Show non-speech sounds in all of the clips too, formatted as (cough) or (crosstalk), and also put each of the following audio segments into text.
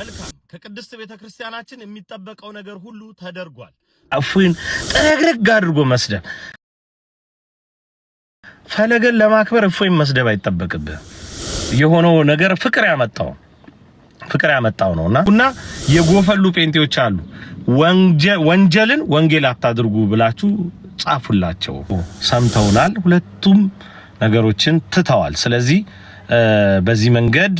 መልካም ከቅድስት ቤተ ክርስቲያናችን የሚጠበቀው ነገር ሁሉ ተደርጓል። እፉይን ጥረግረግ አድርጎ መስደብ ፈለገን ለማክበር እፎይን መስደብ አይጠበቅብህ። የሆነው ነገር ፍቅር ያመጣው ፍቅር ያመጣው ነውና እና የጎፈሉ ጴንጤዎች አሉ። ወንጀልን ወንጌል አታድርጉ ብላችሁ ጻፉላቸው። ሰምተውናል። ሁለቱም ነገሮችን ትተዋል። ስለዚህ በዚህ መንገድ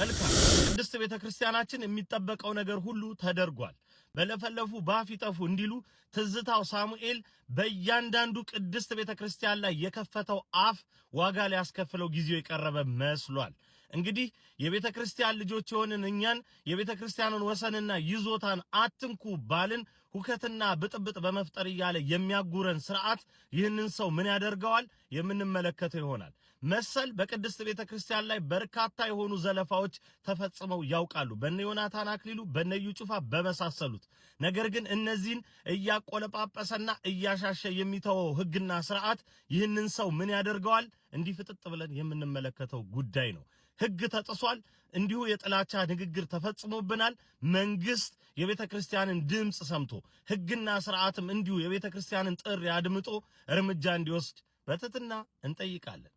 መልካም ቅድስት ቤተ ክርስቲያናችን የሚጠበቀው ነገር ሁሉ ተደርጓል። በለፈለፉ ባፍ ይጠፉ እንዲሉ ትዝታው ሳሙኤል በእያንዳንዱ ቅድስት ቤተ ክርስቲያን ላይ የከፈተው አፍ ዋጋ ሊያስከፍለው ጊዜው የቀረበ መስሏል። እንግዲህ የቤተ ክርስቲያን ልጆች የሆንን እኛን የቤተ ክርስቲያንን ወሰንና ይዞታን አትንኩ ባልን ሁከትና ብጥብጥ በመፍጠር እያለ የሚያጉረን ስርዓት ይህንን ሰው ምን ያደርገዋል? የምንመለከተው ይሆናል። መሰል በቅድስት ቤተ ክርስቲያን ላይ በርካታ የሆኑ ዘለፋዎች ተፈጽመው ያውቃሉ። በነ ዮናታን አክሊሉ፣ በነ እዩ ጩፋ በመሳሰሉት። ነገር ግን እነዚህን እያቆለጳጰሰና እያሻሸ የሚተወው ህግና ስርዓት ይህንን ሰው ምን ያደርገዋል? እንዲህ ፍጥጥ ብለን የምንመለከተው ጉዳይ ነው። ህግ ተጥሷል። እንዲሁ የጥላቻ ንግግር ተፈጽሞብናል። መንግስት የቤተ ክርስቲያንን ድምፅ ሰምቶ ህግና ስርዓትም እንዲሁ የቤተ ክርስቲያንን ጥሪ አድምጦ እርምጃ እንዲወስድ በትትና እንጠይቃለን።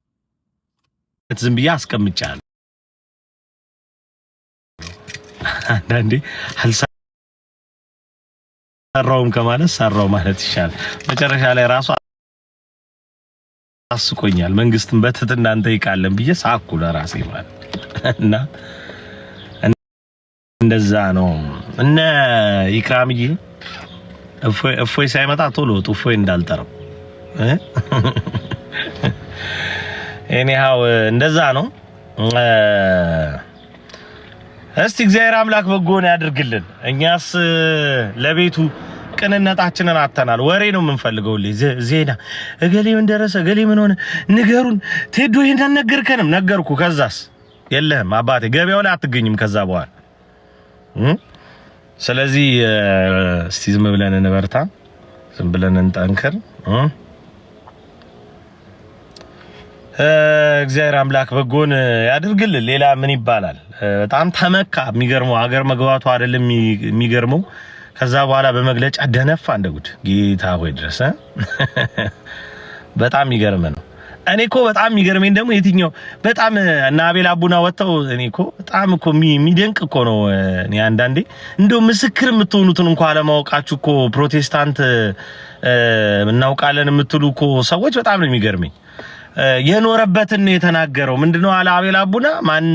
ዝም ብዬ አስቀምጫለሁ። አንዳንዴ አልሰራውም ከማለት ሰራው ማለት ይሻላል። መጨረሻ ላይ ራሱ አስቆኛል። መንግስትን በትህትና እንጠይቃለን ብዬ ሳኩ ለራሴ ማለት እና እንደዛ ነው። እነ ይክራምዬ እፎይ ሳይመጣ ቶሎ ወጡ። እፎይ እንዳልጠረው ኤኒሃው uh, እንደዛ ነው። uh, እስቲ እግዚአብሔር አምላክ በጎን ያድርግልን። እኛስ uh, ለቤቱ ቅንነታችንን አጥተናል። ወሬ ነው የምንፈልገው፣ ዜና። እገሌ ምን ደረሰ፣ እገሌ ምን ሆነ፣ ንገሩን ቴዶ። ይሄን አልነገርከንም። ነገርኩ፣ ከዛስ የለህም አባቴ። ገበያው ላይ አትገኝም ከዛ በኋላ። ስለዚህ እስቲ ዝም ብለን እንበርታ፣ ዝም ብለን እንጠንክር። እግዚአብሔር አምላክ በጎን ያድርግልን። ሌላ ምን ይባላል? በጣም ተመካ። የሚገርመው ሀገር መግባቱ አይደለም የሚገርመው ከዛ በኋላ በመግለጫ ደነፋ እንደጉድ። ጌታ ሆይ ድረስ (laughs) በጣም የሚገርም ነው። እኔ እኮ በጣም የሚገርመኝ ደግሞ የትኛው በጣም እና አቤል አቡና ወጥተው እኔ እኮ በጣም እኮ የሚደንቅ እኮ ነው። እኔ አንዳንዴ እንደው ምስክር የምትሆኑትን እንኳ አለማወቃችሁ እኮ ፕሮቴስታንት እናውቃለን የምትሉ እኮ ሰዎች በጣም ነው የሚገርመኝ። የኖረበትን ነው የተናገረው። ምንድነው አለ አቤል አቡና ማን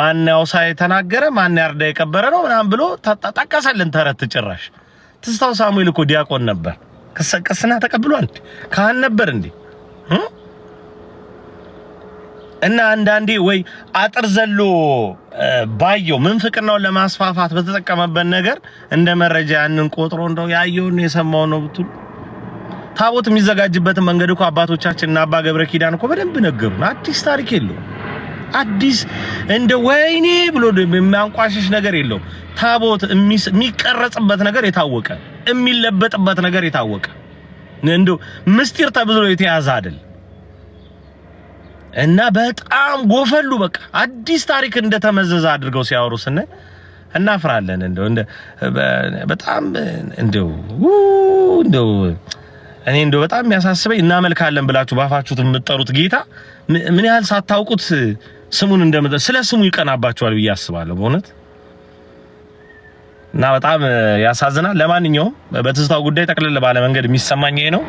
ማን ያውሳ የተናገረ ማን ያርዳ የቀበረ ነው ምናምን ብሎ ጠቀሰልን ተረት። ጭራሽ ትስታው ሳሙኤል እኮ ዲያቆን ነበር። ቅስና ተቀብሏል። ካህን ነበር እንዴ? እና አንዳንዴ ወይ አጥር ዘሎ ባየው ምንፍቅናውን ለማስፋፋት በተጠቀመበት ነገር እንደ መረጃ ያንን ቆጥሮ እንደው ያየውን የሰማው ነው ብትሉ ታቦት የሚዘጋጅበትን መንገድ እኮ አባቶቻችንና አባ ገብረ ኪዳን እኮ በደንብ ነገሩን። አዲስ ታሪክ የለው። አዲስ እንደ ወይኔ ብሎ የሚያንቋሽሽ ነገር የለው ታቦት የሚቀረጽበት ነገር የታወቀ፣ የሚለበጥበት ነገር የታወቀ እንዶ ምስጢር ተብሎ የተያዘ አይደል እና በጣም ጎፈሉ። በቃ አዲስ ታሪክ እንደተመዘዘ አድርገው ሲያወሩ ስናይ እናፍራለን። እንደው በጣም እንደው እንደው እኔ እንደው በጣም የሚያሳስበኝ እናመልካለን ብላችሁ ባፋችሁት የምትጠሩት ጌታ ምን ያህል ሳታውቁት ስሙን እንደምጠ ስለ ስሙ ይቀናባችኋል ብዬ አስባለሁ በእውነት እና በጣም ያሳዝናል። ለማንኛውም በትዝታው ጉዳይ ጠቅለል ባለ መንገድ የሚሰማኝ ይሄ ነው።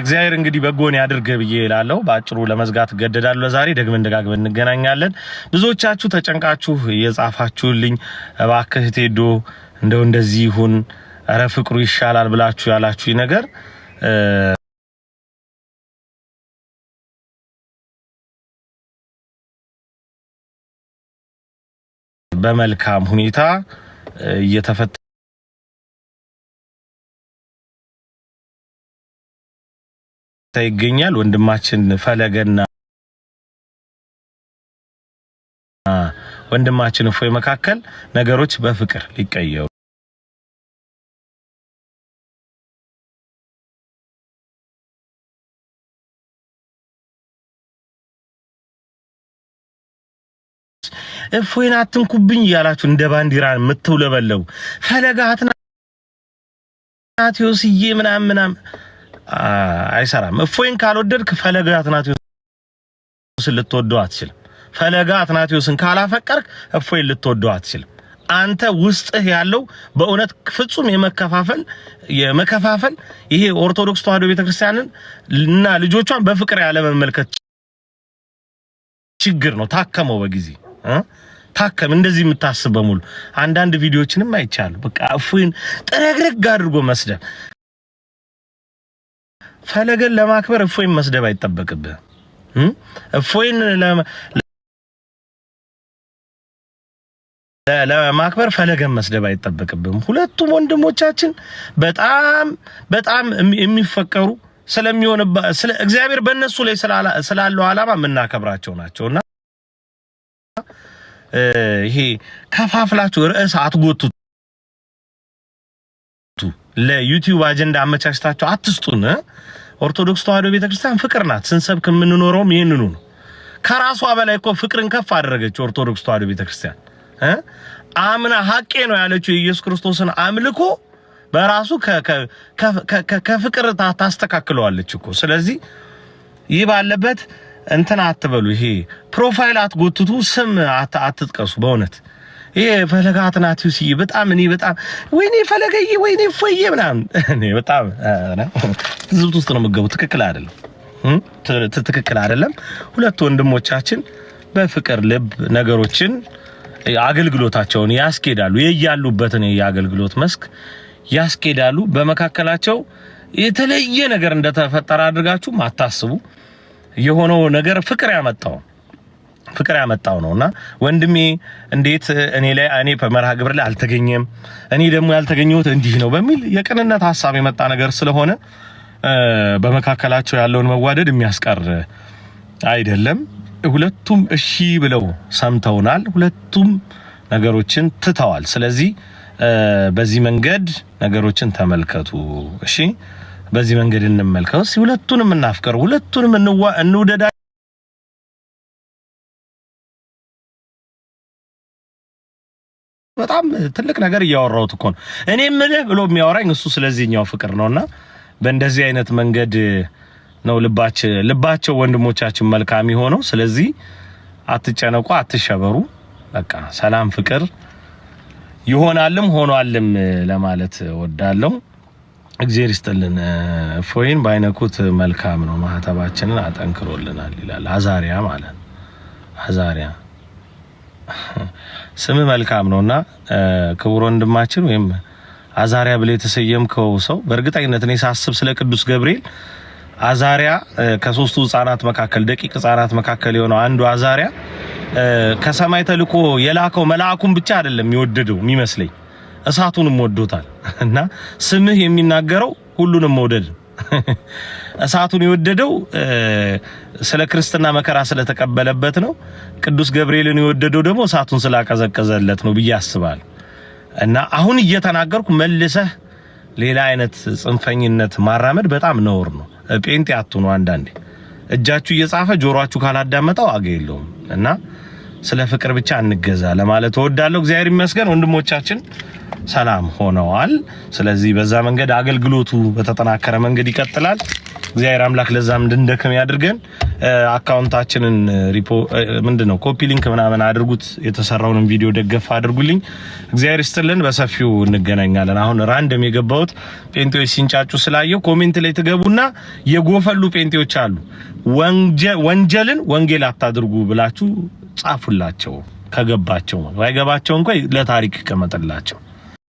እግዚአብሔር እንግዲህ በጎን ያድርግ ብዬ እላለሁ። በአጭሩ ለመዝጋት እገደዳለሁ። ለዛሬ ደግመን ደጋግመን እንገናኛለን። ብዙዎቻችሁ ተጨንቃችሁ የጻፋችሁልኝ እባክህ ቴዶ እንደው እንደዚህ ይሁን እረ ፍቅሩ ይሻላል ብላችሁ ያላችሁ ነገር በመልካም ሁኔታ እየተፈታ ይገኛል። ወንድማችን ፈለገና ወንድማችን እፎይ መካከል ነገሮች በፍቅር ሊቀየሩ እፎይን አትንኩብኝ እያላችሁ እንደ ባንዲራ የምትውለበለቡ ፈለጋት ናቴዎስዬ ምናም ምናም አይሰራም። እፎይን ካልወደድክ ፈለጋ አትናቴዎስን ልትወደው አትችልም። ፈለጋ አትናቴዎስን ካላፈቀርክ እፎይን ልትወደው አትችልም። አንተ ውስጥህ ያለው በእውነት ፍጹም የመከፋፈል የመከፋፈል ይሄ ኦርቶዶክስ ተዋዶ ቤተክርስቲያንን እና ልጆቿን በፍቅር ያለመመልከት ችግር ነው። ታከመው በጊዜ ታከም። እንደዚህ የምታስብ በሙሉ አንዳንድ ቪዲዮዎችንም አይቻሉ። በቃ እፎይን ጥረግረግ አድርጎ መስደብ ፈለገን ለማክበር እፎይን መስደብ አይጠበቅብህም። እፎይን ለማክበር ፈለገን መስደብ አይጠበቅብህም። ሁለቱም ወንድሞቻችን በጣም በጣም የሚፈቀሩ ስለሚሆን ስለ እግዚአብሔር በእነሱ ላይ ስላለው ዓላማ የምናከብራቸው ናቸውና ይሄ ከፋፍላችሁ ርዕስ አትጎትቱ። ለዩቲዩብ አጀንዳ አመቻችታችሁ አትስጡን። ኦርቶዶክስ ተዋህዶ ቤተክርስቲያን ፍቅር ናት። ስንሰብክ የምንኖረውም ይህንኑ ነው። ከራሷ በላይ እኮ ፍቅርን ከፍ አደረገች ኦርቶዶክስ ተዋህዶ ቤተክርስቲያን። አምና ሀቄ ነው ያለችው የኢየሱስ ክርስቶስን አምልኮ በራሱ ከፍቅር ታስተካክለዋለች እኮ። ስለዚህ ይህ ባለበት እንትን አትበሉ። ይሄ ፕሮፋይል አትጎትቱ፣ ስም አትጥቀሱ። በእውነት ይሄ ፈለገ አትናትዮስዬ በጣም እኔ በጣም ወይኔ ፈለገዬ ወይኔ ፈየ ምናምን (laughs) እኔ በጣም ዝብት ውስጥ ነው የምትገቡት። ትክክል አይደለም፣ ትክክል አይደለም። ሁለት ወንድሞቻችን በፍቅር ልብ ነገሮችን አገልግሎታቸውን ያስኬዳሉ። የያሉበትን የአገልግሎት መስክ ያስኬዳሉ። በመካከላቸው የተለየ ነገር እንደተፈጠረ አድርጋችሁ አታስቡ። የሆነው ነገር ፍቅር ያመጣው ፍቅር ያመጣው ነውና ወንድሜ እንዴት እኔ ላይ እኔ በመርሃ ግብር ላይ አልተገኘም፣ እኔ ደግሞ ያልተገኘሁት እንዲህ ነው በሚል የቅንነት ሀሳብ የመጣ ነገር ስለሆነ በመካከላቸው ያለውን መዋደድ የሚያስቀር አይደለም። ሁለቱም እሺ ብለው ሰምተውናል። ሁለቱም ነገሮችን ትተዋል። ስለዚህ በዚህ መንገድ ነገሮችን ተመልከቱ። እሺ በዚህ መንገድ እንመልከው። እስኪ ሁለቱንም እናፍቀር፣ ሁለቱንም እንውደዳ በጣም ትልቅ ነገር እያወራሁት እኮ ነው። እኔ ምልህ ብሎ የሚያወራኝ እሱ ስለዚህኛው ፍቅር ነውና በእንደዚህ አይነት መንገድ ነው ልባችን ልባቸው ወንድሞቻችን መልካም የሆነው። ስለዚህ አትጨነቁ፣ አትሸበሩ። በቃ ሰላም ፍቅር ይሆናልም ሆኗልም ለማለት ወዳለው እግዚአብሔር ይስጥልን። ፎይን ባይነኩት መልካም ነው፣ ማህተባችንን አጠንክሮልናል ይላል አዛሪያ ማለት ነው። አዛሪያ (laughs) ስም መልካም ነውና ክቡር ወንድማችን ወይም አዛሪያ ብለ የተሰየምከው ሰው በእርግጠኝነት እኔ ሳስብ ስለ ቅዱስ ገብርኤል አዛሪያ ከሶስቱ ህጻናት መካከል ደቂቅ ህጻናት መካከል የሆነው አንዱ አዛሪያ ከሰማይ ተልኮ የላከው መልአኩን ብቻ አይደለም የሚወደደው የሚመስለኝ እሳቱንም ወዶታል እና ስምህ የሚናገረው ሁሉንም መውደድ (laughs) እሳቱን የወደደው ስለ ክርስትና መከራ ስለተቀበለበት ነው። ቅዱስ ገብርኤልን የወደደው ደግሞ እሳቱን ስላቀዘቀዘለት ነው ብዬ አስባል። እና አሁን እየተናገርኩ መልሰህ ሌላ አይነት ጽንፈኝነት ማራመድ በጣም ነውር ነው። ጴንጤ አትሆኑ። አንዳንዴ እጃችሁ እየጻፈ ጆሮአችሁ ካላዳመጠው አገ የለውም እና ስለ ፍቅር ብቻ እንገዛ ለማለት እወዳለሁ። እግዚአብሔር ይመስገን ወንድሞቻችን ሰላም ሆነዋል። ስለዚህ በዛ መንገድ አገልግሎቱ በተጠናከረ መንገድ ይቀጥላል። እግዚአብሔር አምላክ ለዛም እንድንደክም ያድርገን። አካውንታችንን ሪፖ ምንድን ነው ኮፒ ሊንክ ምናምን አድርጉት። የተሰራውንም ቪዲዮ ደገፍ አድርጉልኝ። እግዚአብሔር ይስጥልን። በሰፊው እንገናኛለን። አሁን ራንደም የገባሁት ጴንጤዎች ሲንጫጩ ስላየው ኮሜንት ላይ ትገቡና የጎፈሉ ጴንጤዎች አሉ። ወንጀልን ወንጌል አታድርጉ ብላችሁ ጻፉላቸው ከገባቸው፣ ባይገባቸው እንኳ ለታሪክ ይቀመጥላቸው።